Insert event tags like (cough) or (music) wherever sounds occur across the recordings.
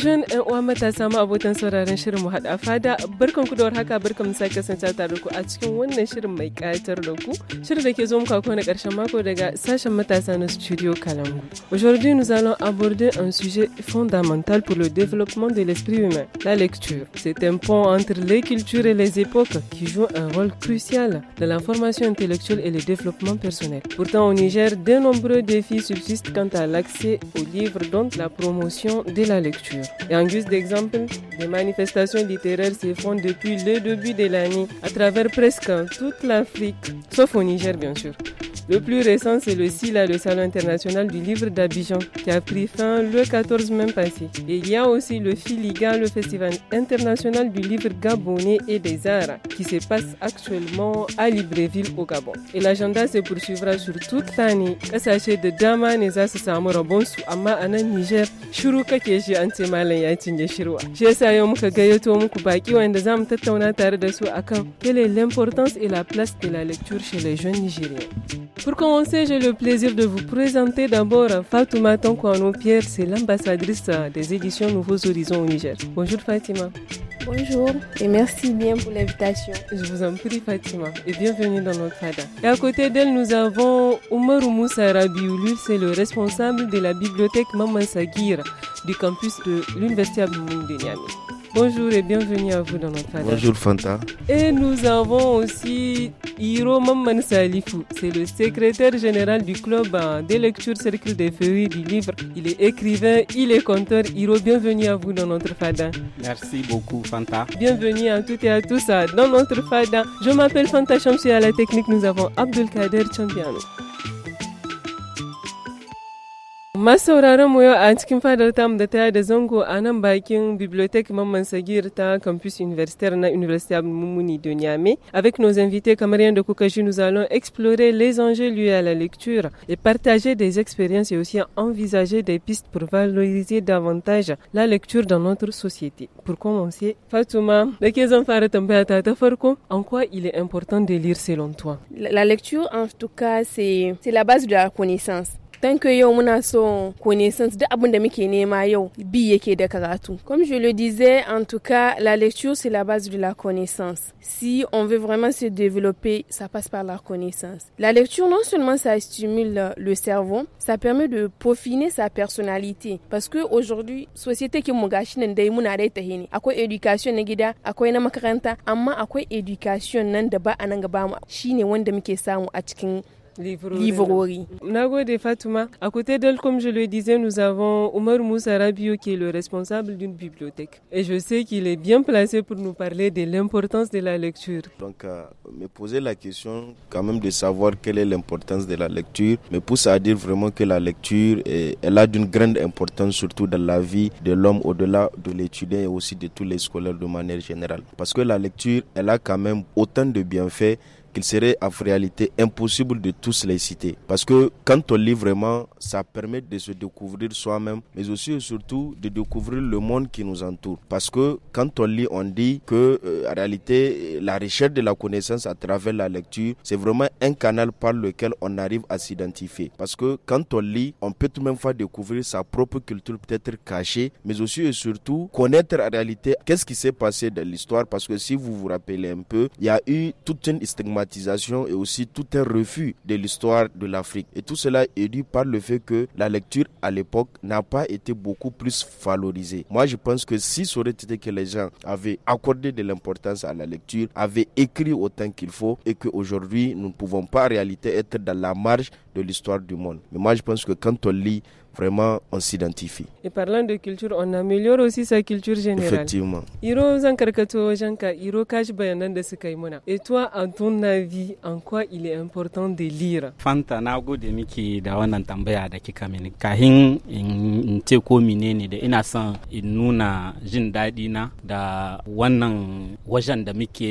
shirin mu fada da ku a cikin wannan shirin mai da ku muku ƙarshen mako daga sashen matasa na studio Aujourd'hui nous allons aborder un sujet fondamental pour le développement de l'esprit humain, la lecture. C'est un pont entre les cultures et les époques qui joue un rôle crucial dans la formation intellectuelle et le développement personnel. Pourtant au Niger, de nombreux défis subsistent quant à l'accès aux livres dont la promotion de la lecture. Et en guise d'exemple, des manifestations littéraires se font depuis le début de l'année à travers presque toute l'Afrique, sauf au Niger bien sûr. Le plus récent, c'est le SILA, le Salon international du livre d'Abidjan, qui a pris fin le 14 mai passé. Et il y a aussi le FILIGA, le Festival international du livre gabonais et des arts, qui se passe actuellement à Libreville, au Gabon. Et l'agenda se poursuivra sur toute l'année. Sachez de Dama Neza Amma Anan Niger, Churuka Kéji, Antema malam ya cinye yasa gayyato muku tattauna tare da su akan quelle est l'importance et la place de la lecture chez les jeunes nigériens Pour commencer, j'ai le plaisir de vous présenter d'abord Fatouma kouano Pierre, c'est l'ambassadrice des éditions Nouveaux Horizons au Niger. Bonjour Fatima. Bonjour et merci bien pour l'invitation. Je vous en prie Fatima et bienvenue dans notre FADA. Et à côté d'elle, nous avons Omar Moussa Rabioulou, c'est le responsable de la bibliothèque Maman Saguir du campus de l'Université Bonjour et bienvenue à vous dans notre fada. Bonjour Fanta. Et nous avons aussi Hiro Mamman Salifou. C'est le secrétaire général du club hein, des lectures Cercle des Feuilles du livre. Il est écrivain, il est conteur. Hiro, bienvenue à vous dans notre Fada. Merci beaucoup Fanta. Bienvenue à toutes et à tous hein, dans notre Fada. Je m'appelle Fanta Chamsi à la technique. Nous avons Abdelkader Champiano. Masauraran mu yau a cikin fadar tamu da ta da zango a nan bakin bibliothèque Mamman Sagir ta campus universitaire na Université de Niamey. Avec nos invités camerounais de Koukaji, nous allons explorer les enjeux liés à la lecture et partager des expériences et aussi envisager des pistes pour valoriser davantage la lecture dans notre société. Pour commencer, Fatouma, en quoi il est important de lire selon toi La lecture, en tout cas, c'est la base de la connaissance. Comme je le disais, en tout cas, la lecture, c'est la base de la connaissance. Si on veut vraiment se développer, ça passe par la connaissance. La lecture, non seulement ça stimule le cerveau, ça permet de peaufiner sa personnalité. Parce que aujourd'hui, société qui mugashi nan dai muna dai ta hene. Akwai education na gida, akwai na makaranta, amma akwai education nan da ba a nan gaba mu. Shine wanda muke samu a cikin Livrerie. de Fatouma, à côté d'elle, comme je le disais, nous avons Omar Moussa Rabio qui est le responsable d'une bibliothèque. Et je sais qu'il est bien placé pour nous parler de l'importance de la lecture. Donc, euh, me poser la question quand même de savoir quelle est l'importance de la lecture me pousse à dire vraiment que la lecture, elle a d'une grande importance surtout dans la vie de l'homme au-delà de l'étudiant et aussi de tous les scolaires de manière générale. Parce que la lecture, elle a quand même autant de bienfaits qu'il serait en réalité impossible de tous les citer. Parce que quand on lit vraiment, ça permet de se découvrir soi-même, mais aussi et surtout de découvrir le monde qui nous entoure. Parce que quand on lit, on dit que euh, en réalité, euh, la recherche de la connaissance à travers la lecture, c'est vraiment un canal par lequel on arrive à s'identifier. Parce que quand on lit, on peut tout de même faire découvrir sa propre culture peut-être cachée, mais aussi et surtout connaître en réalité qu'est-ce qui s'est passé dans l'histoire. Parce que si vous vous rappelez un peu, il y a eu toute une stigmatisation et aussi tout un refus de l'histoire de l'Afrique. Et tout cela est dû par le fait que la lecture à l'époque n'a pas été beaucoup plus valorisée. Moi, je pense que si ça aurait été que les gens avaient accordé de l'importance à la lecture, avaient écrit autant qu'il faut et qu'aujourd'hui, nous ne pouvons pas en réalité être dans la marge de l'histoire du monde. Mais moi, je pense que quand on lit vraiment on s'identifie. Et parlant de culture, on améliore aussi sa culture générale. Effectivement. Et toi, à ton avis, en quoi il est important de lire da da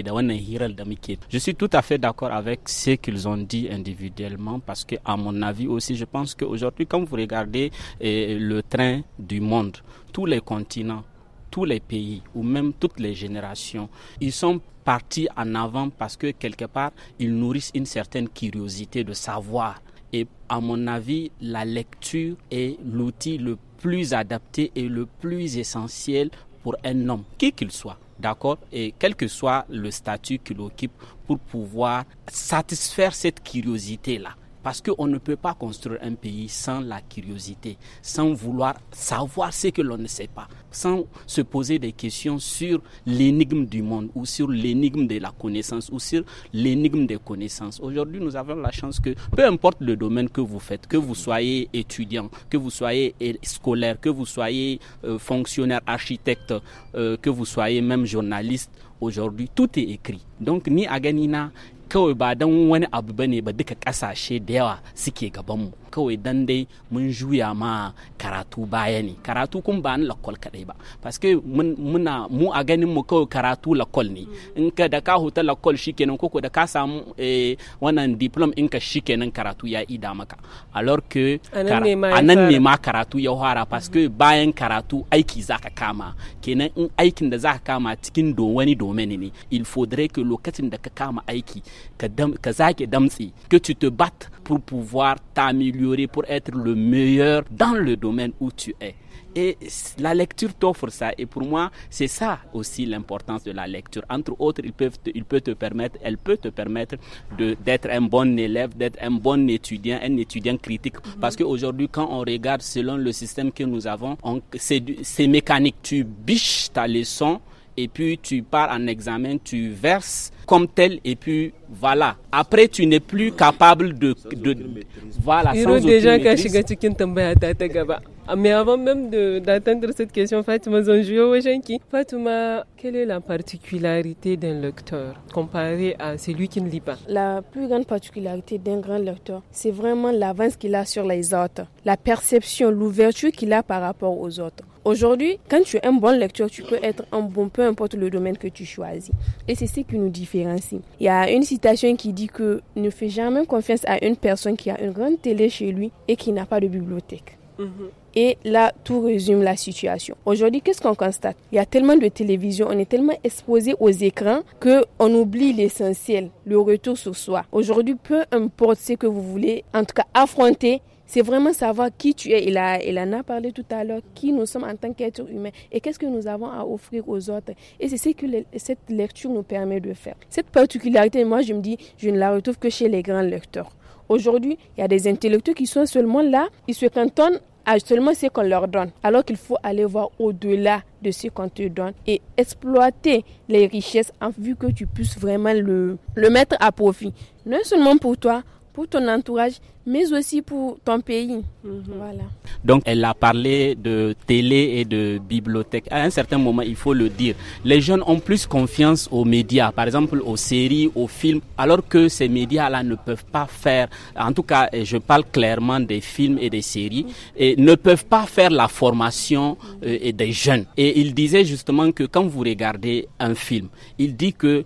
da da Je suis tout à fait d'accord avec ce qu'ils ont dit individuellement parce que à mon avis aussi, je pense qu'aujourd'hui, quand vous regardez et le train du monde. Tous les continents, tous les pays ou même toutes les générations, ils sont partis en avant parce que quelque part, ils nourrissent une certaine curiosité de savoir. Et à mon avis, la lecture est l'outil le plus adapté et le plus essentiel pour un homme, qui qu'il soit, d'accord, et quel que soit le statut qu'il occupe, pour pouvoir satisfaire cette curiosité-là. Parce qu'on ne peut pas construire un pays sans la curiosité, sans vouloir savoir ce que l'on ne sait pas, sans se poser des questions sur l'énigme du monde ou sur l'énigme de la connaissance ou sur l'énigme des connaissances. Aujourd'hui, nous avons la chance que, peu importe le domaine que vous faites, que vous soyez étudiant, que vous soyez scolaire, que vous soyez euh, fonctionnaire, architecte, euh, que vous soyez même journaliste, aujourd'hui, tout est écrit. Donc, ni Aganina, kawai ba don wani abu bane ba duka kasashe da yawa suke gabanmu kawai dan dai mun juya ma karatu baya ne karatu kun ba ni lakol kadai ba paske muna mu a ganin mu kawai karatu lakol ne in ka da ka huta lakol shikenan koko da ka samu eh, wannan diplom in ka shikenan karatu ya ida maka alors que anan ne ma karatu ya fara paske bayan karatu aiki za ka kama kenan in aikin da ka kama cikin do wani domini ne il faudrait que lokacin da ka kama aiki que tu te battes pour pouvoir t'améliorer, pour être le meilleur dans le domaine où tu es. Et la lecture t'offre ça. Et pour moi, c'est ça aussi l'importance de la lecture. Entre autres, il peut il peut te permettre, elle peut te permettre d'être un bon élève, d'être un bon étudiant, un étudiant critique. Mhm. Parce qu'aujourd'hui, quand on regarde selon le système que nous avons, c'est mécanique. Tu biches ta leçon et puis tu pars en examen, tu verses comme tel et puis voilà. Après tu n'es plus capable de, voilà ah, mais avant même d'atteindre cette question, Fatouma quelle est la particularité d'un lecteur comparé à celui qui ne lit pas La plus grande particularité d'un grand lecteur, c'est vraiment l'avance qu'il a sur les autres, la perception, l'ouverture qu'il a par rapport aux autres. Aujourd'hui, quand tu es un bon lecteur, tu peux être un bon, peu importe le domaine que tu choisis. Et c'est ce qui nous différencie. Il y a une citation qui dit que ne fais jamais confiance à une personne qui a une grande télé chez lui et qui n'a pas de bibliothèque. Et là, tout résume la situation. Aujourd'hui, qu'est-ce qu'on constate Il y a tellement de télévision, on est tellement exposé aux écrans que on oublie l'essentiel, le retour sur soi. Aujourd'hui, peu importe ce que vous voulez, en tout cas affronter, c'est vraiment savoir qui tu es. Il, en a parlé tout à l'heure, qui nous sommes en tant qu'êtres humains et qu'est-ce que nous avons à offrir aux autres. Et c'est ce que cette lecture nous permet de faire. Cette particularité, moi, je me dis, je ne la retrouve que chez les grands lecteurs. Aujourd'hui, il y a des intellectuels qui sont seulement là, ils se cantonnent ah, seulement ce qu'on leur donne. Alors qu'il faut aller voir au-delà de ce qu'on te donne et exploiter les richesses en vue que tu puisses vraiment le, le mettre à profit. Non seulement pour toi, pour ton entourage, mais aussi pour ton pays. Mhm. Voilà. Donc, elle a parlé de télé et de bibliothèque. À un certain moment, il faut le dire, les jeunes ont plus confiance aux médias, par exemple aux séries, aux films, alors que ces médias-là ne peuvent pas faire, en tout cas, je parle clairement des films et des séries, et ne peuvent pas faire la formation euh, des jeunes. Et il disait justement que quand vous regardez un film, il dit que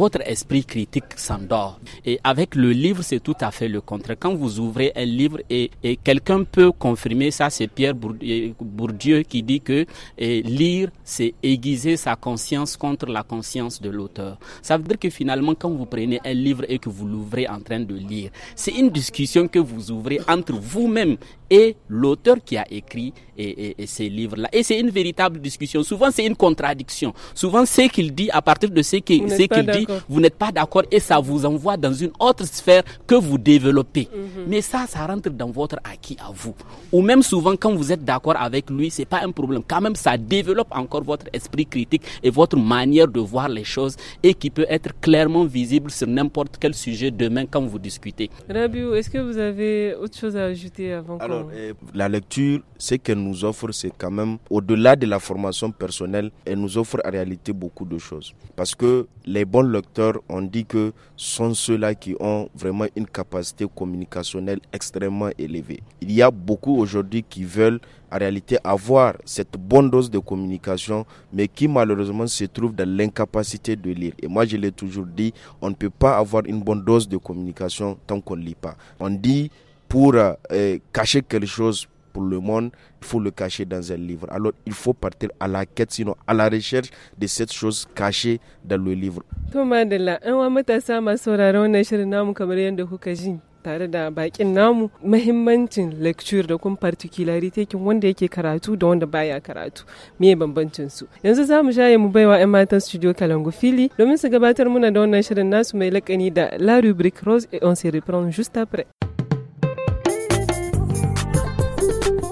votre esprit critique s'endort. Et avec le livre, c'est tout à fait le contraire. Quand vous ouvrez un livre et, quelqu'un peut confirmer ça, c'est Pierre Bourdieu qui dit que lire, c'est aiguiser sa conscience contre la conscience de l'auteur. Ça veut dire que finalement, quand vous prenez un livre et que vous l'ouvrez en train de lire, c'est une discussion que vous ouvrez entre vous-même et l'auteur qui a écrit et, ces livres-là. Et c'est une véritable discussion. Souvent, c'est une contradiction. Souvent, ce qu'il dit, à partir de ce qu'il dit, vous n'êtes pas d'accord et ça vous envoie dans une autre sphère que vous développez. Mhm. Mais ça, ça rentre dans votre acquis à vous. Ou même souvent, quand vous êtes d'accord avec lui, c'est pas un problème. Quand même, ça développe encore votre esprit critique et votre manière de voir les choses et qui peut être clairement visible sur n'importe quel sujet demain quand vous discutez. Rabiou, est-ce que vous avez autre chose à ajouter avant qu'on euh, la lecture, ce qu'elle nous offre, c'est quand même, au-delà de la formation personnelle, elle nous offre en réalité beaucoup de choses. Parce que les bons lecteurs, on dit que sont ceux-là qui ont vraiment une capacité communicationnelle extrêmement élevée. Il y a beaucoup aujourd'hui qui veulent en réalité avoir cette bonne dose de communication, mais qui malheureusement se trouvent dans l'incapacité de lire. Et moi, je l'ai toujours dit, on ne peut pas avoir une bonne dose de communication tant qu'on ne lit pas. On dit pour euh, cacher quelque chose pour le monde, il faut le cacher dans un livre. Alors il faut partir à la quête, sinon à la recherche de cette chose cachée dans le livre. Thomas de la, wa matasa masu sauraron wannan shirin namu kamar yadda kuka ji tare da bakin namu mahimmancin lecture da kuma particularity kin wanda yake karatu da wanda baya karatu me bambancin su yanzu zamu shaye mu baiwa yan matan studio Kalangu Fili domin su gabatar muna da wannan shirin nasu mai lakani da La Rubrique Rose et on se reprend juste après.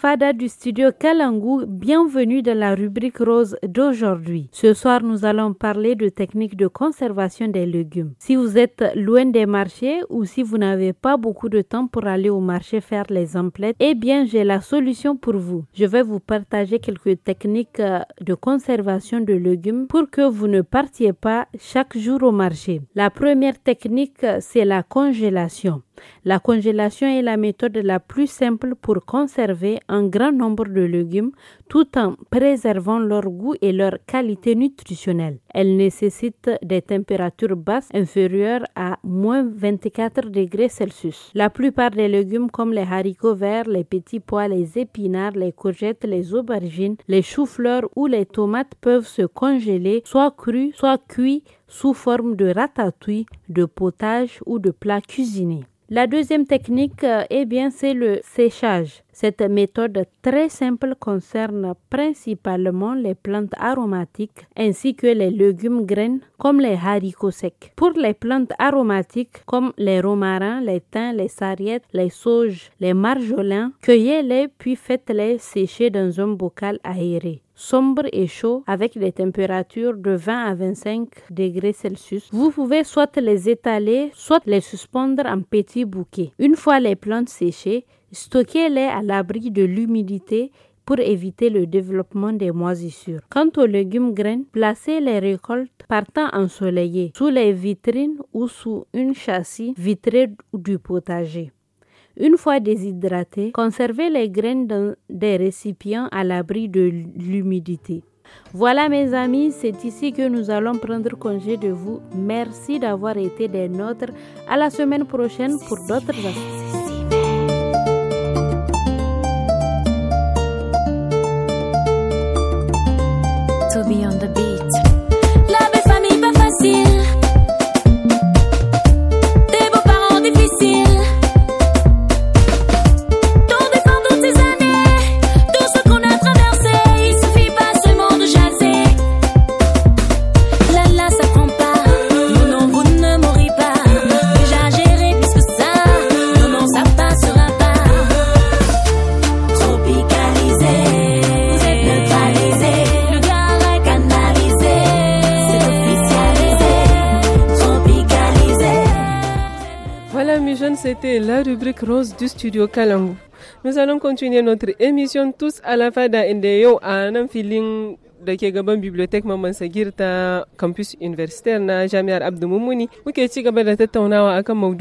Fada du studio Kalangu, bienvenue dans la rubrique rose d'aujourd'hui. Ce soir, nous allons parler de techniques de conservation des légumes. Si vous êtes loin des marchés ou si vous n'avez pas beaucoup de temps pour aller au marché faire les emplettes, eh bien, j'ai la solution pour vous. Je vais vous partager quelques techniques euh, de conservation de légumes pour que vous ne partiez pas chaque jour au marché. La première technique, c'est la congélation. La congélation est la méthode la plus simple pour conserver un grand nombre de légumes tout en préservant leur goût et leur qualité nutritionnelle. Elle nécessite des températures basses inférieures à moins 24 degrés Celsius. La plupart des légumes comme les haricots verts, les petits pois, les épinards, les courgettes, les aubergines, les choux-fleurs ou les tomates peuvent se congeler soit crus, soit cuits sous forme de ratatouille, de potage ou de plats cuisinés. La deuxième technique, euh, eh bien, c'est le séchage. Cette méthode très simple concerne principalement les plantes aromatiques ainsi que les légumes graines comme les haricots secs. Pour les plantes aromatiques comme les romarins, les thym, les sarriettes, les sauges, les marjolins, cueillez-les puis faites-les sécher dans un bocal aéré sombre et chaud avec des températures de 20 à 25 degrés Celsius. Vous pouvez soit les étaler, soit les suspendre en petits bouquets. Une fois les plantes séchées, stockez-les à l'abri de l'humidité pour éviter le développement des moisissures. Quant aux légumes graines, placez les récoltes partant ensoleillées sous les vitrines ou sous une châssis vitrée du potager. Une fois déshydraté, conservez les graines dans des récipients à l'abri de l'humidité. Voilà mes amis, c'est ici que nous allons prendre congé de vous. Merci d'avoir été des nôtres. À la semaine prochaine pour d'autres astuces. rubrique rose du studio Kalangu. Nous allons continuer notre émission tous à la fada d'un à un de bibliotek Sagir campus universitaire na Jami'ar Abdu muke ci da tattaunawa akan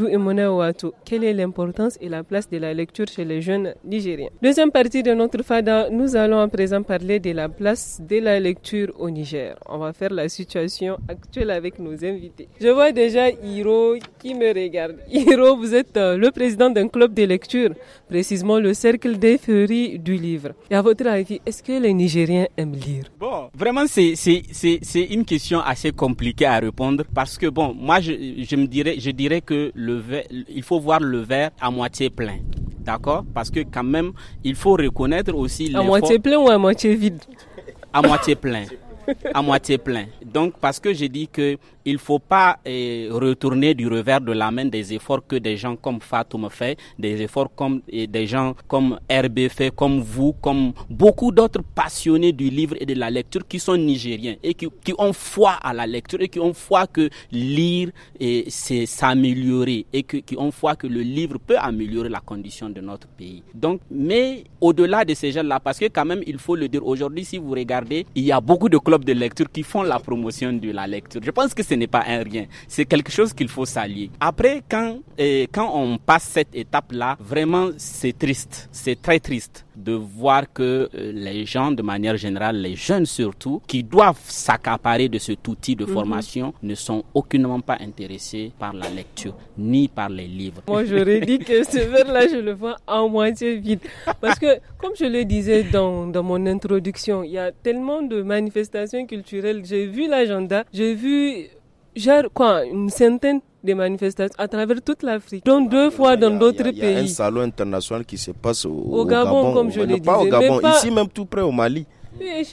wato quelle est l'importance et la place de la lecture chez les jeunes nigériens. Deuxième partie de notre fada, nous allons à présent parler de la place de la lecture au Niger. On va faire la situation actuelle avec nos invités. Je vois déjà Hiro qui me regarde. (laughs) Hiro, vous êtes euh, le président d'un club de lecture, précisément le Cercle des Furies du livre. Et à votre avis, est-ce que les Nigériens aiment lire? vraiment, c'est une question assez compliquée à répondre parce que, bon, moi, je, je me dirais, je dirais que le il faut voir le verre à moitié plein. D'accord Parce que, quand même, il faut reconnaître aussi. À moitié plein ou à moitié vide À moitié plein. (laughs) à moitié plein. Donc, parce que j'ai dit qu'il ne faut pas euh, retourner du revers de la main des efforts que des gens comme me fait, des efforts comme et des gens comme RB fait, comme vous, comme beaucoup d'autres passionnés du livre et de la lecture qui sont nigériens et qui, qui ont foi à la lecture et qui ont foi que lire et c'est s'améliorer et qui ont foi que le livre peut améliorer la condition de notre pays. Donc, mais au-delà de ces gens-là, parce que quand même, il faut le dire aujourd'hui, si vous regardez, il y a beaucoup de clubs de lecture qui font la promotion de la lecture. Je pense que ce n'est pas un rien. C'est quelque chose qu'il faut s'allier. Après, quand, eh, quand on passe cette étape-là, vraiment, c'est triste. C'est très triste de voir que euh, les gens, de manière générale, les jeunes surtout, qui doivent s'accaparer de cet outil de mhm. formation, ne sont aucunement pas intéressés par la lecture, ni par les livres. Moi, j'aurais dit que ce verre-là, je le vois en moitié vide. Parce que, comme je le disais dans, dans mon introduction, il y a tellement de manifestations culturelles. J'ai vu l'agenda, j'ai vu genre quoi, une centaine des manifestations à travers toute l'Afrique, donc deux ah, fois dans d'autres pays. Il y a un salon international qui se passe au, Gabon, comme je l'ai Pas au Gabon, ici même tout près au Mali.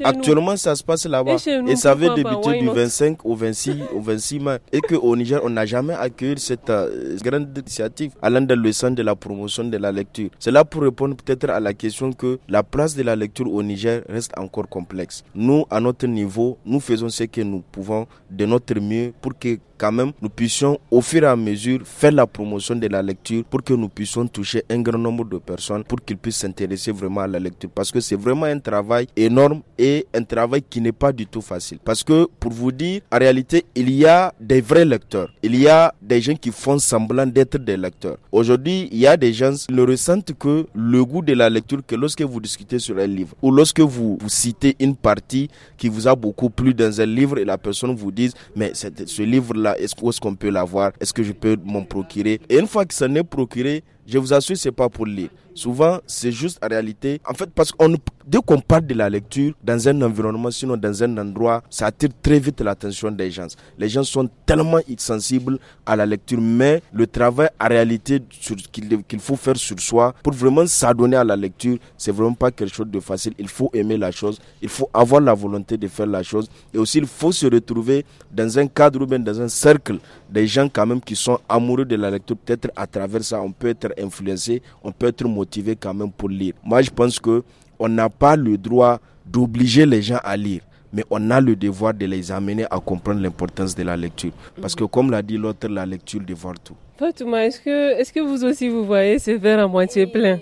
Actuellement, ça se passe là-bas. Et, ça avait débuté du 25 au 26, au 26 mai. Et qu'au Niger, on n'a jamais accueilli cette euh, grande initiative allant dans le sens de la promotion de la lecture. C'est là pour répondre peut-être à la question que la place de la lecture au Niger reste encore complexe. Nous, à notre niveau, nous faisons ce que nous pouvons de notre mieux pour que quand même nous puissions au fur et à mesure faire la promotion de la lecture pour que nous puissions toucher un grand nombre de personnes pour qu'ils puissent s'intéresser vraiment à la lecture parce que c'est vraiment un travail énorme et un travail qui n'est pas du tout facile parce que pour vous dire en réalité il y a des vrais lecteurs il y a des gens qui font semblant d'être des lecteurs aujourd'hui il y a des gens qui ne ressentent que le goût de la lecture que lorsque vous discutez sur un livre ou lorsque vous, citez une partie qui vous a beaucoup plu dans un livre et la personne vous dit mais ce livre là est-ce qu'on peut l'avoir Est-ce que je peux m'en procurer Et une fois que ça n'est procuré, je vous assure, c'est pas pour lire. Souvent, c'est juste en réalité. En fait, parce que dès qu'on parle de la lecture dans un environnement, sinon dans un endroit, ça attire très vite l'attention des gens. Les gens sont tellement sensibles à la lecture, mais le travail en réalité qu'il faut faire sur soi pour vraiment s'adonner à la lecture, c'est vraiment pas quelque chose de facile. Il faut aimer la chose, il faut avoir la volonté de faire la chose, et aussi il faut se retrouver dans un cadre ou bien dans un cercle des gens quand même qui sont amoureux de la lecture. Peut-être à travers ça, on peut être influencé, on peut être motivé quand même pour lire. Moi, je pense que on n'a pas le droit d'obliger les gens à lire, mais on a le devoir de les amener à comprendre l'importance de la lecture. Parce que mhm. comme l'a dit l'autre, la lecture dévore tout. Fatouma, est-ce que, est que vous aussi vous voyez ce verre à moitié plein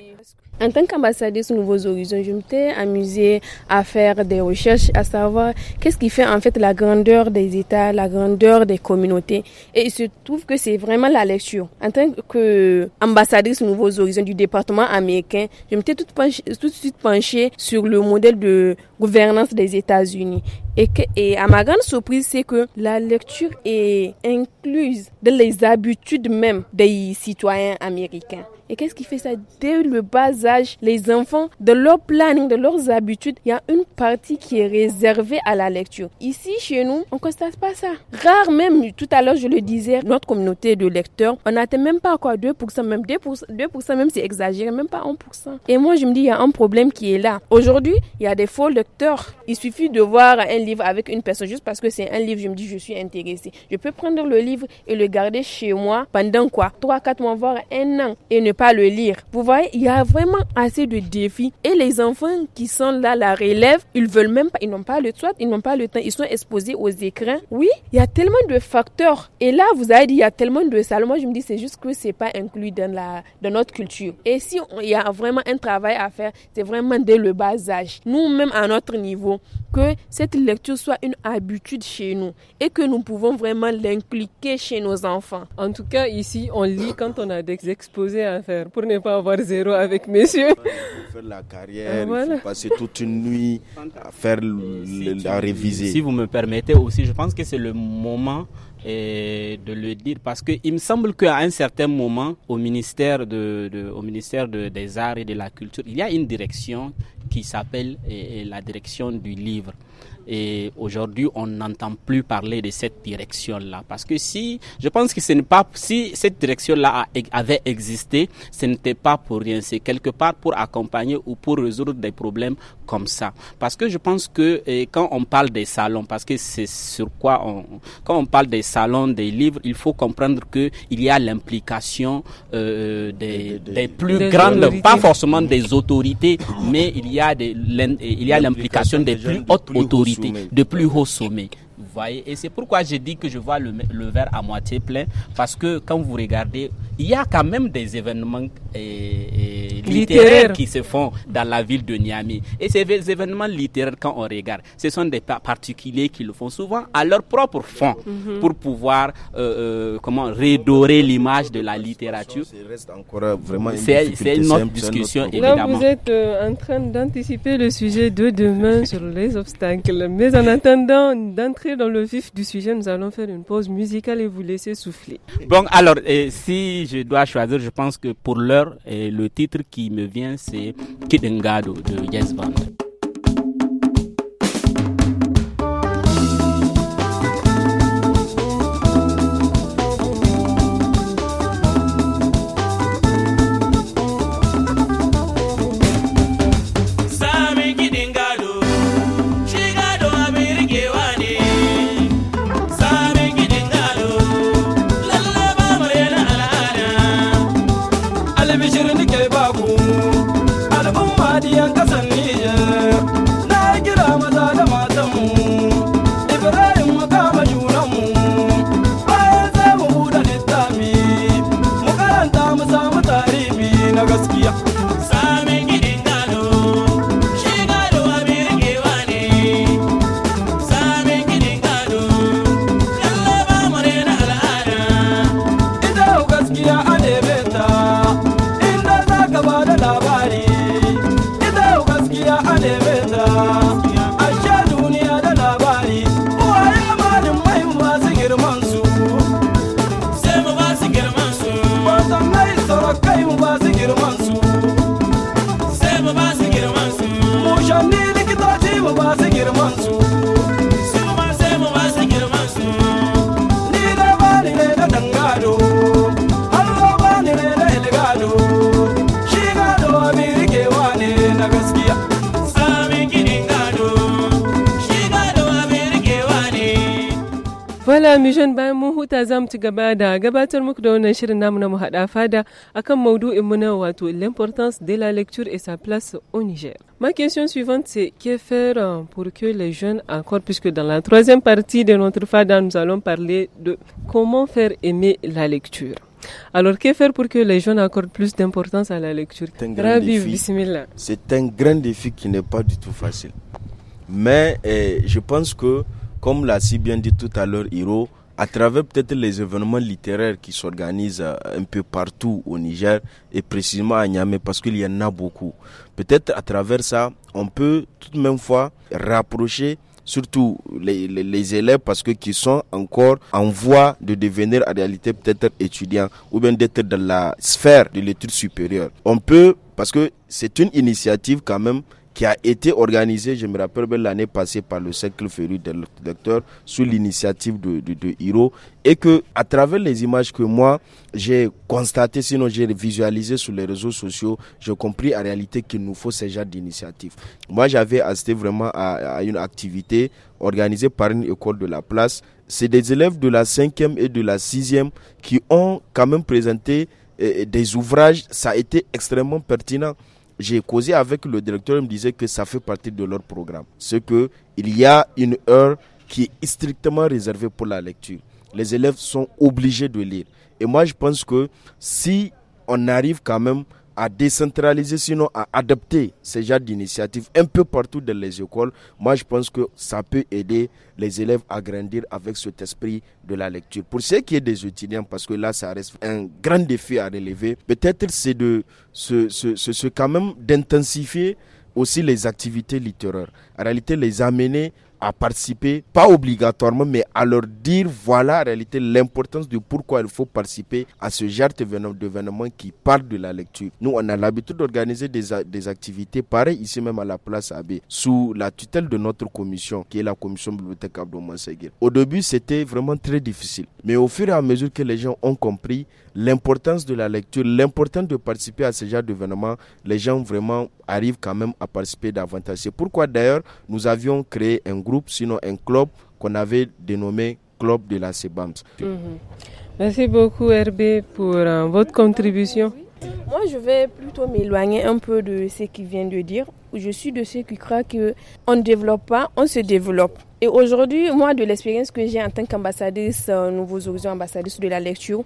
en tant qu'ambassadrice Nouveaux Horizons, je m'étais amusée à faire des recherches, à savoir qu'est-ce qui fait en fait la grandeur des États, la grandeur des communautés. Et il se trouve que c'est vraiment la lecture. En tant qu'ambassadrice Nouveaux Horizons du département américain, je m'étais tout, tout de suite penchée sur le modèle de gouvernance des États-Unis. Et, et à ma grande surprise, c'est que la lecture est incluse dans les habitudes même des citoyens américains qu'est-ce qui fait ça Dès le bas âge, les enfants, de leur planning, de leurs habitudes, il y a une partie qui est réservée à la lecture. Ici, chez nous, on ne constate pas ça. Rare même, tout à l'heure, je le disais, notre communauté de lecteurs, on n'atteint même pas quoi 2%, même 2%, 2% même c'est exagéré, même pas 1%. Et moi, je me dis, il y a un problème qui est là. Aujourd'hui, il y a des faux lecteurs. Il suffit de voir un livre avec une personne juste parce que c'est un livre, je me dis, je suis intéressée. Je peux prendre le livre et le garder chez moi pendant quoi 3, 4 mois, voire un an et ne pas le lire. Vous voyez, il y a vraiment assez de défis. Et les enfants qui sont là, la relève, ils veulent même pas, ils n'ont pas le temps, ils n'ont pas le temps, ils sont exposés aux écrans. Oui, il y a tellement de facteurs. Et là, vous avez dit, il y a tellement de salles. Moi, je me dis, c'est juste que c'est pas inclus dans la, dans notre culture. Et si on, il y a vraiment un travail à faire, c'est vraiment dès le bas âge, nous même à notre niveau, que cette lecture soit une habitude chez nous et que nous pouvons vraiment l'impliquer chez nos enfants. En tout cas, ici, on lit quand on a des exposés à hein pour ne pas avoir zéro avec messieurs. faire la carrière, passer toute une nuit à faire réviser. Si vous me permettez aussi, je pense que c'est le moment eh, de le dire parce que il me semble qu'à un certain moment au ministère de, au ministère des arts et de la culture il y a une direction qui s'appelle eh, eh, la direction du livre et aujourd'hui, on n'entend plus parler de cette direction-là. Parce que si, je pense que ce n'est pas, si cette direction-là avait existé, ce n'était pas pour rien. C'est quelque part pour accompagner ou pour résoudre des problèmes comme ça. Parce que je pense que eh, quand on parle des salons, parce que c'est sur quoi on, quand on parle des salons, des livres, il faut comprendre que il y a l'implication euh, euh des, plus grandes, pas forcément des autorités, mais il y a des, il y a l'implication des, plus hautes autorités de plus haut sommet. voyez Et c'est pourquoi j'ai dit que je vois le verre à moitié plein, parce que quand vous regardez, il y a quand même des événements et, littéraires qui se font dans la ville de Niamey. Et ces événements littéraires, quand on regarde, ce sont des particuliers qui le font souvent à leur propre fond mhm. pour pouvoir euh, euh, comment redorer l'image de la littérature. C'est une autre discussion, évidemment. Là, vous êtes euh, en train d'anticiper le sujet de demain sur les obstacles. Mais en attendant d'entrer dans le vif du sujet, nous allons faire une pause musicale et vous laisser souffler. Bon, alors, si je dois choisir, je pense que pour l'heure, et le titre qui me vient, c'est Kidengado de Yes Band. l'importance de la lecture et sa place au Niger. Ma question suivante c'est que faire euh, pour que les jeunes encore puisque dans la troisième partie de notre fada nous allons parler de comment faire aimer la lecture. Alors, que faire pour que les jeunes accordent plus d'importance à la lecture C'est un grand défi qui n'est pas du tout facile. Mais eh, je pense que comme l'a si bien dit tout à l'heure Hiro, à travers peut-être les événements littéraires qui s'organisent euh, un peu partout au Niger et précisément à Niamey parce qu'il y en a beaucoup. Peut-être à travers ça, on peut tout de même fois rapprocher surtout les, élèves parce que qui sont encore en voie de devenir en réalité peut-être étudiants ou bien d'être dans la sphère de l'étude supérieure. On peut, parce que c'est une initiative quand même qui a été organisé, je me rappelle l'année passée, par le cercle féru de docteurs, sous l'initiative de, de, Hiro et que à travers les images que moi j'ai constatées, sinon j'ai visualisé sur les réseaux sociaux, j'ai compris en réalité qu'il nous faut ce genre d'initiative. Moi j'avais assisté vraiment à, à une activité organisée par une école de la place. C'est des élèves de la 5e et de la 6e qui ont quand même présenté eh, eh, des ouvrages. Ça a été extrêmement pertinent j'ai causé avec le directeur, il me disait que ça fait partie de leur programme. C'est que il y a une heure qui est strictement réservée pour la lecture. Les élèves sont obligés de lire. Et moi, je pense que si on arrive quand même à décentraliser, sinon à adapter ces genres d'initiatives un peu partout dans les écoles. Moi, je pense que ça peut aider les élèves à grandir avec cet esprit de la lecture. Pour ceux qui est des étudiants, parce que là, ça reste un grand défi à relever, peut-être c'est de, ce, ce, quand même d'intensifier aussi les activités littéraires en réalité les amener à participer, pas obligatoirement, mais à leur dire voilà en réalité l'importance de pourquoi il faut participer à ce genre d'événement qui parle de la lecture. Nous, on a l'habitude d'organiser des, des, activités pareilles ici même à la place AB, sous la tutelle de notre commission, qui est la commission bibliothèque Abdou Au début, c'était vraiment très difficile, mais au fur et à mesure que les gens ont compris l'importance de la lecture, l'importance de participer à ce genre d'événement, les gens vraiment arrivent quand même à participer davantage. C'est pourquoi d'ailleurs, nous avions créé un groupe, sinon un club qu'on avait dénommé Club de la CEBAMS. Mhm. Merci beaucoup Herbé pour euh, votre contribution. Moi, je vais plutôt m'éloigner un peu de ce qu'il vient de dire. Je suis de ceux qui croient qu'on ne développe pas, on se développe. Et aujourd'hui, moi, de l'expérience que j'ai en tant qu'ambassadrice, euh, Nouveaux Horizons, ambassadrice de la lecture,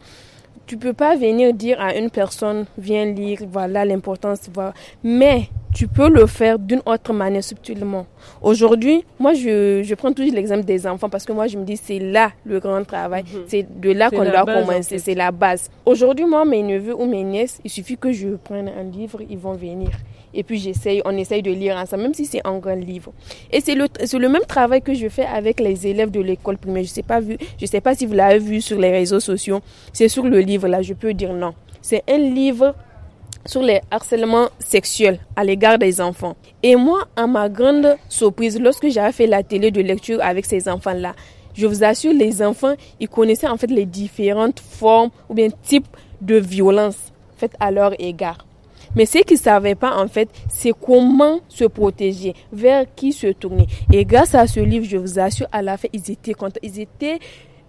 tu peux pas venir dire à une personne, viens lire, voilà l'importance, voilà. Mais tu peux le faire d'une autre manière subtilement. Aujourd'hui, moi, je, prends toujours l'exemple des enfants parce que moi, je me dis, c'est là le grand travail. Mhm. C'est de là qu'on doit commencer. C'est la base. Aujourd'hui, moi, mes neveux ou mes nièces, il suffit que je prenne un livre, ils vont venir et puis j'essaye, on essaye de lire ensemble, même si c'est un grand livre. Et c'est le, le même travail que je fais avec les élèves de l'école primaire. Je sais pas vu, je sais pas si vous l'avez vu sur les réseaux sociaux. C'est sur le livre là, je peux dire non. C'est un livre sur les harcèlements sexuels à l'égard des enfants. Et moi, à ma grande surprise, lorsque j'avais fait la télé de lecture avec ces enfants-là, je vous assure, les enfants, ils connaissaient en fait les différentes formes ou bien types de violence faites à leur égard. Mais ce qu'ils ne savaient pas, en fait, c'est comment se protéger, vers qui se tourner. Et grâce à ce livre, je vous assure, à la fin, ils étaient contents. Ils étaient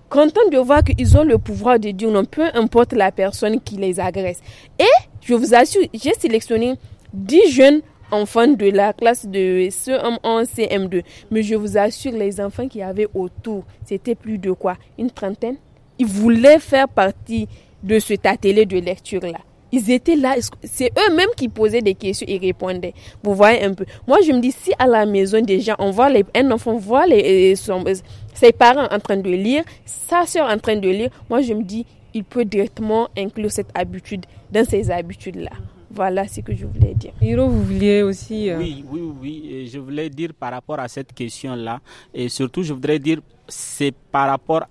contents de voir qu'ils ont le pouvoir de dire non, peu importe la personne qui les agresse. Et je vous assure, j'ai sélectionné 10 jeunes enfants de la classe de CM1, CM2. Mais je vous assure, les enfants qui avaient autour, c'était plus de quoi Une trentaine Ils voulaient faire partie de cet atelier de lecture-là ils étaient là, c'est eux-mêmes qui posaient des questions et répondaient. Vous voyez un peu. Moi, je me dis, si à la maison déjà on voit les, un enfant voit les, euh, euh, ses parents en train de lire, sa soeur en train de lire, moi, je me dis, il peut directement inclure cette habitude dans ses habitudes-là. Voilà ce que je voulais dire. Hiro, vous vouliez aussi. Euh, oui, oui, oui. je voulais dire par rapport à cette question-là. Et surtout, je voudrais dire, c'est par rapport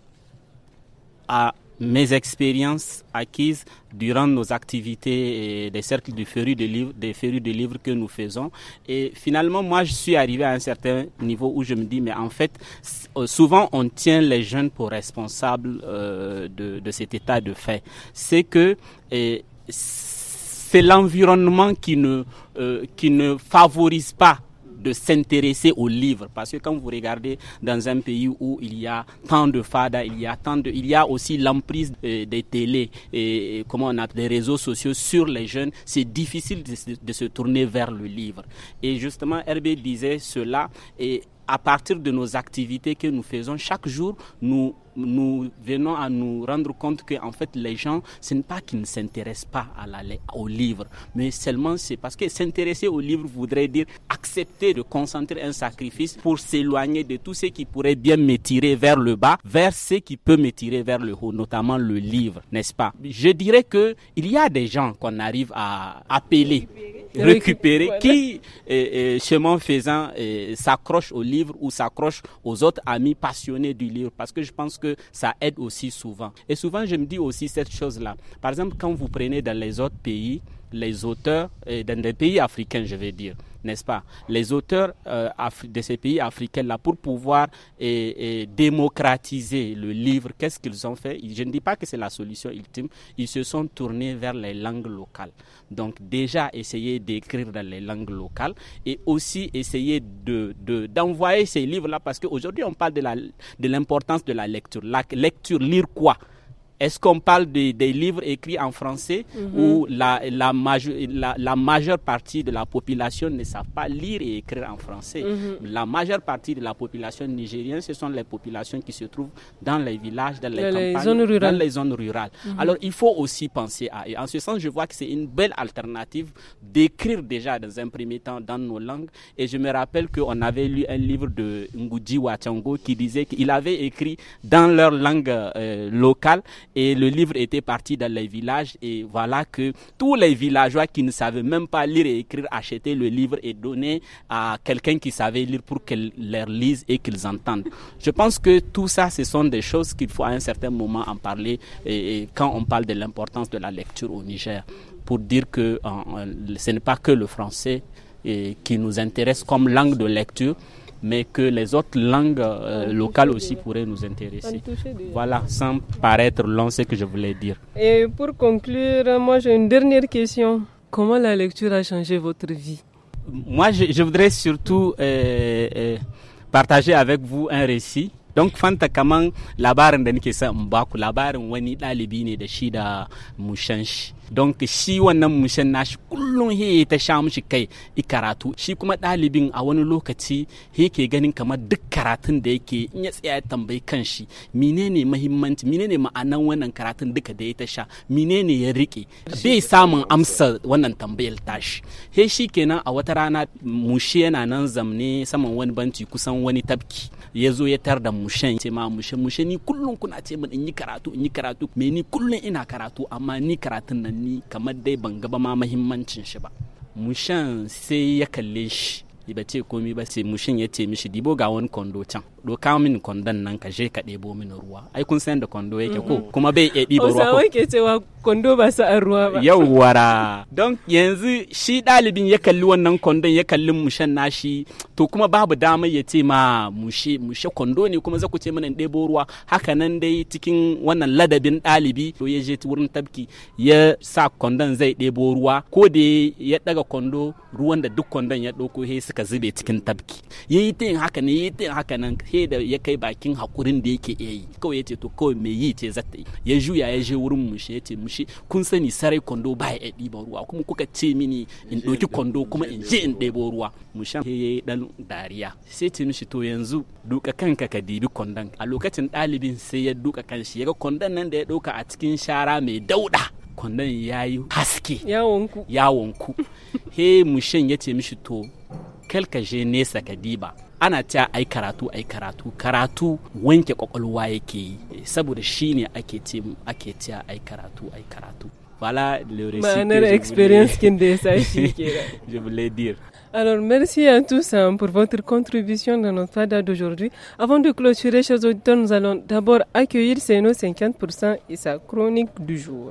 à mes expériences acquises durant nos activités et des cercles de ferru de livres, des ferru de livres que nous faisons. Et finalement, moi, je suis arrivé à un certain niveau où je me dis, mais en fait, euh, souvent, on tient les jeunes pour responsables euh, de, de, cet état de fait. C'est que c'est l'environnement qui ne, euh, qui ne favorise pas de s'intéresser aux livre Parce que quand vous regardez dans un pays où il y a tant de fadas, il y a il y a aussi l'emprise euh, des, télé télés et, comment on a des réseaux sociaux sur les jeunes, c'est difficile de, se tourner vers le livre. Et justement, Herbé disait cela et à partir de nos activités que nous faisons chaque jour, nous nous venons à nous rendre compte que en fait les gens ce n'est pas qu'ils ne s'intéressent pas à au livre mais seulement c'est parce que s'intéresser au livre voudrait dire accepter de concentrer un sacrifice pour s'éloigner de tout ce qui pourrait bien me tirer vers le bas vers ce qui peut me tirer vers le haut notamment le livre n'est-ce pas je dirais que il y a des gens qu'on arrive à appeler récupérer, qui euh, euh, chemin faisant euh, s'accrochent au livre ou s'accroche aux autres amis passionnés du livre parce que je pense que ça aide aussi souvent. Et souvent, je me dis aussi cette chose-là. Par exemple, quand vous prenez dans les autres pays, les auteurs, et dans des pays africains, je vais dire, n'est-ce pas Les auteurs euh, de ces pays africains-là, pour pouvoir et, démocratiser le livre, qu'est-ce qu'ils ont fait Je ne dis pas que c'est la solution ultime, ils se sont tournés vers les langues locales. Donc déjà, essayer d'écrire dans les langues locales et aussi essayer d'envoyer de, ces livres-là, parce qu'aujourd'hui, on parle de l'importance de, de la lecture. La lecture, lire quoi est-ce qu'on parle des livres écrits en français mhm. où la, la, la, majeure partie de la population ne savent pas lire et écrire en français mhm. La majeure partie de la population nigérienne, ce sont les populations qui se trouvent dans les villages, dans les, campagnes, zones rurales. Dans les zones rurales. Mhm. Alors il faut aussi penser à... Et en ce sens, je vois que c'est une belle alternative d'écrire déjà dans un premier temps dans nos langues. Et je me rappelle qu'on avait lu un livre de Ngudi Wachango qui disait qu'il avait écrit dans leur langue euh, locale et le livre était parti dans les villages et voilà que tous les villageois qui ne savaient même pas lire et écrire achetaient le livre et donnaient à quelqu'un qui savait lire pour qu'elle leur lise et qu'ils entendent. Je pense que tout ça, ce sont des choses qu'il faut à un certain moment en parler et, quand on parle de l'importance de la lecture au Niger pour dire que euh, euh, ce n'est pas que le français qui nous intéresse comme langue de lecture, mais que les autres langues euh, locales aussi pourraient nous intéresser. Voilà, sans paraître long, que je voulais dire. Et pour conclure, moi j'ai une dernière question. Comment la lecture a changé votre vie Moi, je, voudrais surtout euh, euh, partager avec vous un récit. Donc, fanta kaman la barre de son in la barre wani ɗalibi ne de shida don shi wannan mushen nashi kullum he ta sha mushi kai i karatu shi kuma ɗalibin a wani lokaci he ke ganin kamar duk karatun da yake in ya tsaya tambayi tambayi shi menene mahimmanci menene ma'anan wannan karatun duka da ya ta sha menene ya rike bai samun amsa wannan tambayar tashi he shi kenan a wata rana mushe yana nan zamne saman wani banci kusan wani tabki ya zo ya tar da mushen ce ma mushe mushe ni kullum kuna ce min in yi karatu in yi karatu me ni kullum ina karatu amma ni karatun nan ni kamar dai ban gaba ma mahimmancin shi ba mushan sai ya kalle shi ba ce komi ba sai mushin ya ce mishi dibo ga wani kondo can doka min kondon nan ka je ka ɗebo mini ruwa ai kun san da kondo yake ko mm-hmm. kuma bai iya ɗiba ruwa ko cewa kwando ba an ruwa ba wara. (laughs) don yanzu shi ɗalibin ya kalli wannan kwandon ya kalli mushen nashi to kuma babu damar ya ce ma mushe mushe kwando ne kuma za ku ce mana ɗebo ruwa haka nan dai cikin wannan ladabin ɗalibi to ya je wurin tabki ya sa kwandon zai ɗebo ruwa ko da ya ɗaga kwando ruwan da duk kwandon ya ɗauko he suka zube cikin tabki ya yi tayin haka ne ya yi tayin haka nan he da ya kai bakin hakurin da yake iya yi kawai ya ce to kawai me yi ce zata yi ya juya ya je wurin mushe ya ce mushe shi kun sani sarai kwando ba ya ɗiba ruwa kuma kuka ce mini in ɗauki kondo kuma in je in ɗebo ruwa mushan ya yi ɗan dariya sai ce mishi to yanzu duka kanka ka dibi kwandon a lokacin ɗalibin sai ya duka kanshi ya ga kwandon nan da ya ɗauka a cikin shara mai dauɗa kondon ya yi haske yawonku he he shan ya ce mishi to kalka je nesa ka diba ana ta ai karatu ai karatu karatu wanke kwakwalwa yake eh, saboda shine ake ake ta ai karatu ai karatu voilà le récit ma'anar bah, expérience kin (laughs) da (laughs) je voulais dire Alors, merci à tous hein, pour votre contribution dans notre FADA d'aujourd'hui. Avant de clôturer, chers auditeurs, nous allons d'abord accueillir Seno 50% et sa chronique du jour.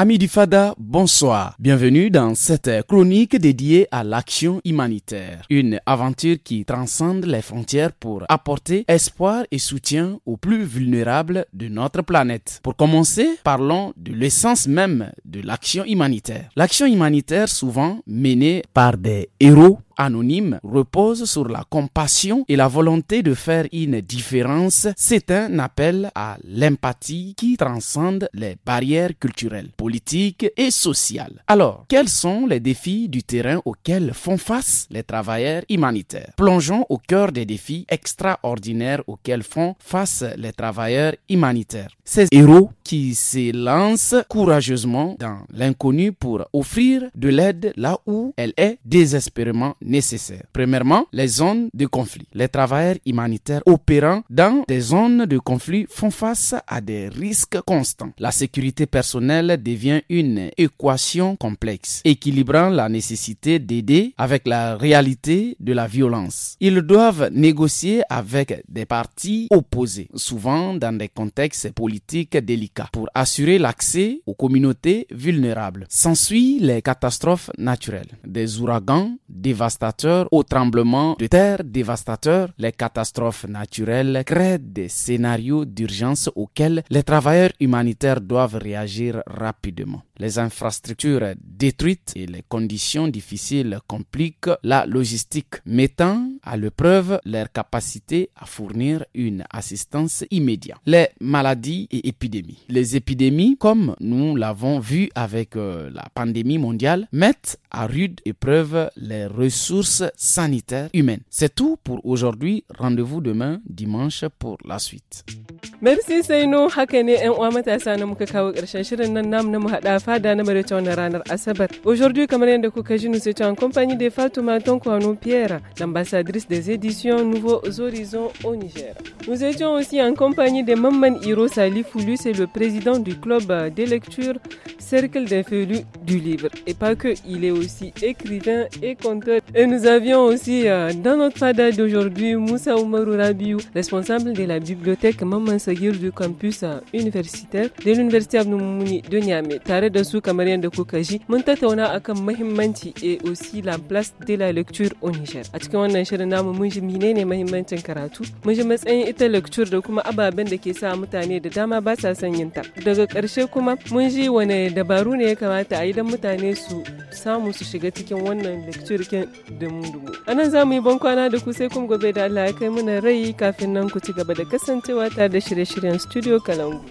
Amis du Fada, bonsoir. Bienvenue dans cette chronique dédiée à l'action humanitaire. Une aventure qui transcende les frontières pour apporter espoir et soutien aux plus vulnérables de notre planète. Pour commencer, parlons de l'essence même de l'action humanitaire. L'action humanitaire souvent menée par des héros anonyme repose sur la compassion et la volonté de faire une différence. C'est un appel à l'empathie qui transcende les barrières culturelles, politiques et sociales. Alors, quels sont les défis du terrain auxquels font face les travailleurs humanitaires Plongeons au cœur des défis extraordinaires auxquels font face les travailleurs humanitaires. Ces héros qui s'élancent courageusement dans l'inconnu pour offrir de l'aide là où elle est désespérément nécessaires. Premièrement, les zones de conflit. Les travailleurs humanitaires opérant dans des zones de conflit font face à des risques constants. La sécurité personnelle devient une équation complexe, équilibrant la nécessité d'aider avec la réalité de la violence. Ils doivent négocier avec des partis opposés, souvent dans des contextes politiques délicats, pour assurer l'accès aux communautés vulnérables. S'ensuit les catastrophes naturelles, des ouragans dévastateurs au tremblement de terre dévastateur, les catastrophes naturelles créent des scénarios d'urgence auxquels les travailleurs humanitaires doivent réagir rapidement. Les infrastructures détruites et les conditions difficiles compliquent la logistique, mettant à l'épreuve leur capacité à fournir une assistance immédiate. Les maladies et épidémies. Les épidémies, comme nous l'avons vu avec euh, la pandémie mondiale, mettent à rude épreuve les ressources ressources sanitaires humaines. C'est tout pour aujourd'hui. Rendez-vous demain dimanche pour la suite. Merci Sainu na na Aujourd'hui kamar de kuka nous étions en compagnie de Fatouma Tonkwano Pierre, l'ambassadrice des éditions Nouveaux Horizons au Niger. Nous étions aussi en compagnie de Mamman Hiro Foulou, c'est le président du club des lectures Cercle des félus du livre. Et pas que, il est aussi écrivain et conteur. Et nous avions aussi euh, dans notre fada d'aujourd'hui Moussa Oumarou Rabiou, responsable de la bibliothèque Mamman Sagir du campus universitaire da University of de Niamey tare da su kamar yadda kuka ji mun tattauna akan mahimmanci et aussi la place de la lecture au Niger. A cikin wannan shirin namu mun ji menene mahimmancin karatu, mun ji matsayin ita lecture da kuma ababen da ke sa mutane da dama ba sa son yin ta. Daga karshe kuma mun ji wane dabaru ne ya kamata a yi don mutane su samu su shiga cikin wannan lecture kin da dumu A nan za yi bankwana da ku sai kuma gobe da Allah ya kai muna rai kafin nan ku ci gaba da kasancewa tare da shirin shirye Studio Kalangu.